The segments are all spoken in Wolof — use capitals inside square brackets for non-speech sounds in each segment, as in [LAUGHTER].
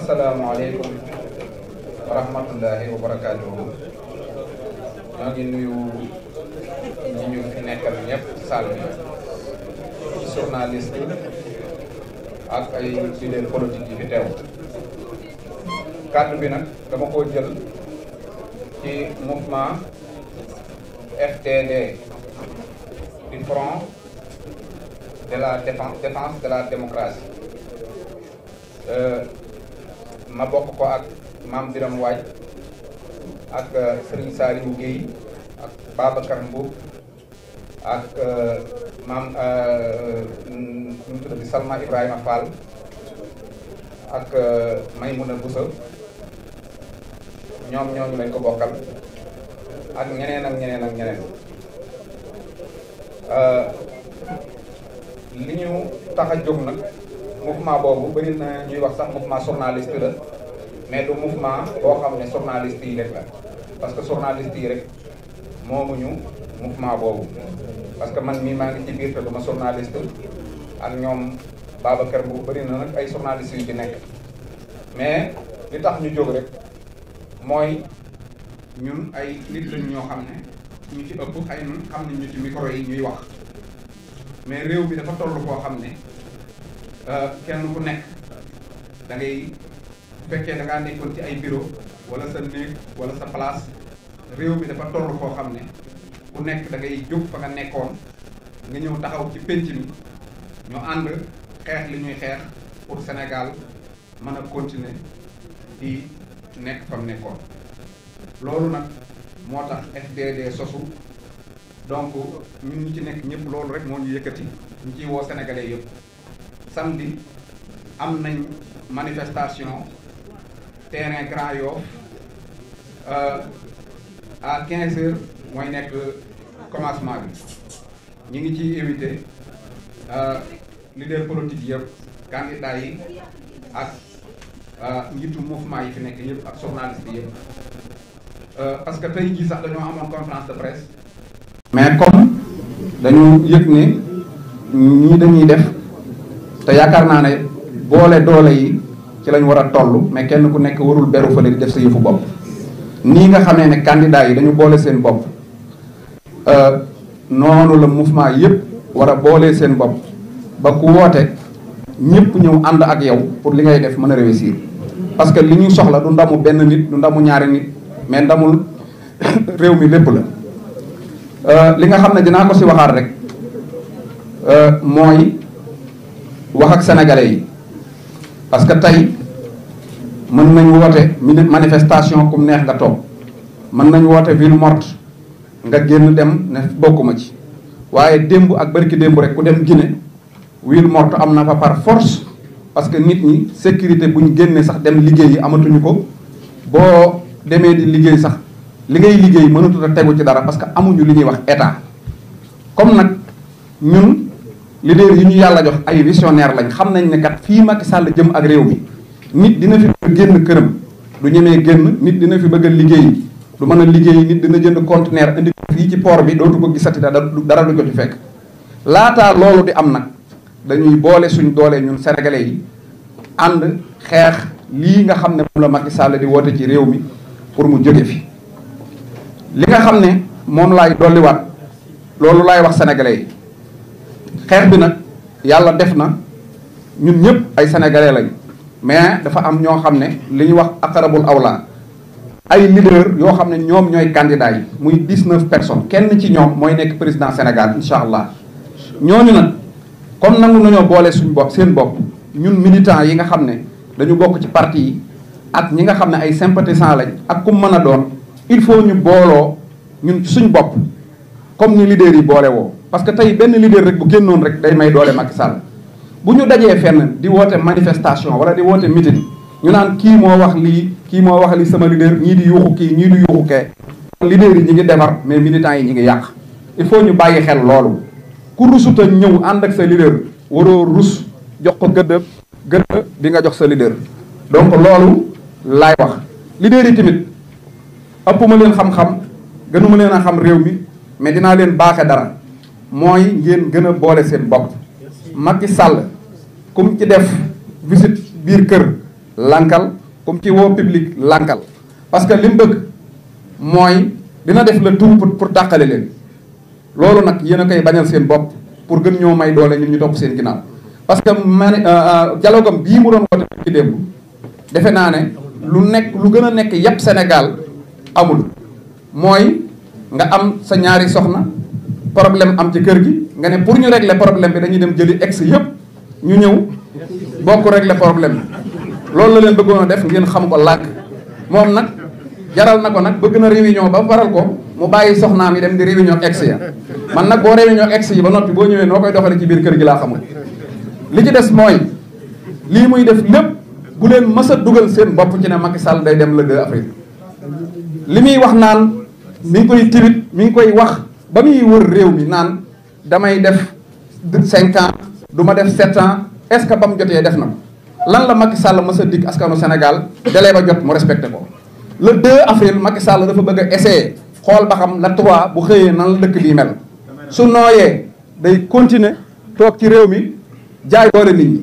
asalaamaaleykum wa rahmatullahi wa barakaatuhu ngi nuyu ñi ñu nekkal ñëpp saal bi journaliste ak ay leader politique yi fi teew kàddu bi nag dama ko jël ci mouvement FTD du de la défense de la démocratie Euh, ma bokk ko ak maam Biram Waaj ak euh, Serigne Saliou Guèye ak Babacar Mbour ak euh, maam nu mu tuddati Salma Ibrahima Fall ak Maymouna Boussa ñoom ñooñu lañ ko bokkal ak ñeneen ak ñeneen li ñu tax a jóg nag mouvement boobu bëri na ñuy wax sax mouvement journaliste la mais du mouvement boo xam ne journaliste yi rek la parce que journaliste yi rek moomuñu mouvement boobu parce que man mi maa ngi ci biir te duma journaliste ak ñoom Babacar bu bëri na ay journaliste yu ci nekk mais li tax ñu jóg rek mooy ñun ay nit lañ ñoo xam ne ñu ci ëpp ay ñun xam nañ ñu ci micro yi ñuy wax mais réew mi dafa toll koo xam ne Euh, kenn ku nekk da ngay fekkee da ngaa nekkoon ci ay bureau wala sa néeg wala sa place réew mi dafa toll koo xam ne ku nekk da ngay jóg fa nga nekkoon nga ñëw taxaw ci pénc mi ñu ànd xeex li ñuy xeex pour Sénégal mën a continuer di nekk fa mu nekkoon loolu nag moo tax FDD sosu donc ñun ñi ci nekk ñëpp loolu rek moo ñu yëkkati ñu ciy woo samedi am nañ manifestation terrain Grand Yoff euh, à 15 heures mooy nekk commencement bi ñu ngi ciy invité euh, leader politique yëpp candidat yi ak euh, njiitu mouvement yi fi nekk yëpp ak journaliste yëpp parce que tey jii sax dañoo amoon conférence de presse mais comme dañu yëg ne ñii dañuy def te yaakaar naa ne boole doole yi ci lañ war a toll mais kenn ku nekk warul beru fële di def sa yëfu bopp nii nga xamee ne candidat yi dañu boole seen bopp euh, noonu la mouvement yëpp war a boole seen bopp ba ku woote ñëpp ñëw ànd ak yow pour li ngay def mën a réussir parce que li ñuy soxla du ndamu benn nit du ndamu ñaari nit mais ndamul [COUGHS] réew mi lépp la euh, li nga xam ne dinaa ko si waxaat rek euh, mooy wax ak sénégalais yi parce que tey mën nañ woote manifestation kum neex nga toog mën nañ woote ville morte nga génn dem ne bokkuma ci waaye démb ak bërki démb rek ku dem Guinée ville morte am na fa par force parce que nit ñi sécurité bu ñu génnee sax dem liggéey yi amatuñu ko boo demee di liggéey sax li ngay liggéey mënatul a tegu ci dara parce que amuñu li ñuy wax état comme nag ñun leader yi ñu yàlla jox ay visionnaire lañ xam nañ ne kat fii Macky Sall jëm ak réew mi nit dina fi bëgg génn këram du ñemee génn nit dina fi bëgg a liggéey du mën a liggéey nit dina jënd conteneur indi fii ci port bi dootu ko gisati dara du ko ci fekk laataa loolu di am nag dañuy boole suñ doolee ñun sénégalais yi ànd xeex lii nga xam ne moom la Macky Sall di woote ci réew pour mu jóge fi li nga xam ne moom laay dolliwaat loolu laay wax sénégalais yi xeex bi nag yàlla def na ñun ñëpp ay sénégalais lañ mais dafa am ñoo xam ne li ñuy wax akarabul awla ay leader yoo xam ne ñoom ñooy candidat yi muy dix-neuf personnes kenn ci ñoom mooy nekk président Sénégal incha allah ñooñu nag comme nangu nañoo boole suñ bopp seen bopp ñun militants yi nga xam ne dañu bokk ci parti yi ak ñi nga xam ne ay sympathisants lañ ak ku mën a doon il faut ñu booloo ñun suñ bopp comme ni leader yi boole woo parce que tey benn leader rek bu génnoon rek day may doole Macky Sall bu ñu dajee fenn di woote manifestation wala di woote meeting ñu naan kii moo wax lii kii moo wax lii sama leader ñii di yuuxu kii ñii di yuuxu kee leader yi ñi ngi defar mais militants yi ñi ngi yàq il faut ñu bàyyi xel loolu ku rusuta ñëw ànd ak sa leader waroo rus jox ko gëdd gëdd bi nga jox sa leader donc loolu laay wax leader yi tamit ëpp ma leen xam-xam gënuma leen a xam réew mi mais dinaa leen baaxe dara mooy ngeen gën a boole seen bopp Macky Sall kum ci def visite biir kër lankal kum ci woo public lankal parce que li mu bëgg mooy dina def le tout pour tàqale leen loolu nag yéen a koy bañal seen bopp pour gën ñoo may doole ñun ñu topp seen ginnaaw parce que man euh, euh, dialogue am bii mu doon woote ci démb defe naa ne lu nekk lu gën a nekk yëpp senegal amul mooy nga am sa ñaari soxna problème am ci kër gi nga ne pour ñu régler problème bi dañuy dem jëli ex yëpp ñu ñëw bokk régler problème bi loolu la leen bëggoon a def ngeen xam ko làkk moom nag jaral na ko nag bëgg na réunion ba faral ko mu bàyyi soxnaam yi dem di réunion ex ya man nag boo réunion ex yi ba noppi boo ñëwee noo koy doxale ci biir kër gi laa xamul li ci des mooy lii muy def lépp bu leen mës a dugal seen bopp ci ne Macky Sall day dem la 2 avril li muy wax naan mi ngi koy mi ngi koy wax ba muy wër réew mi naan damay def cinq ans du ma def sept ans est-ce que ba mu jotee def na ko lan la Macky sàll ma a dig askanu Sénégal délai ba jot mu respecté ko le 2 avril Macky Sall dafa bëgg a xool ba xam la 3 bu xëyee nan la dëkk bii mel su nooyee day continuer toog ci réew mi jaay doole nit ñi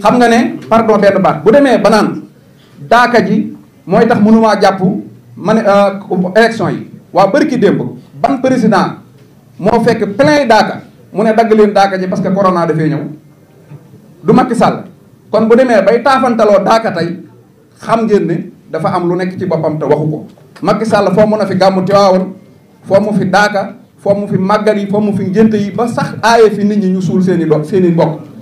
xam nga ne pardon benn baat bu demee ba naan daaka ji mooy tax mënumaa jàpp ma ne euh, élection yi waa bërki démb ban président moo fekk yi daaka mu ne dagg leen daaka ji parce que corona dafee ñëw du Macky Sall kon bu demee bay taafantaloo daaka tey xam ngeen ni dafa am lu nekk ci boppam te waxu ko Macky Sall foo mun a fi gàmmu Tiwaawoon foo mu fi daaka foo mu fi màggal yi foo mu fi ngénte yi ba sax aaye fi nit ñi ñu suul seen i do seeni i mbokk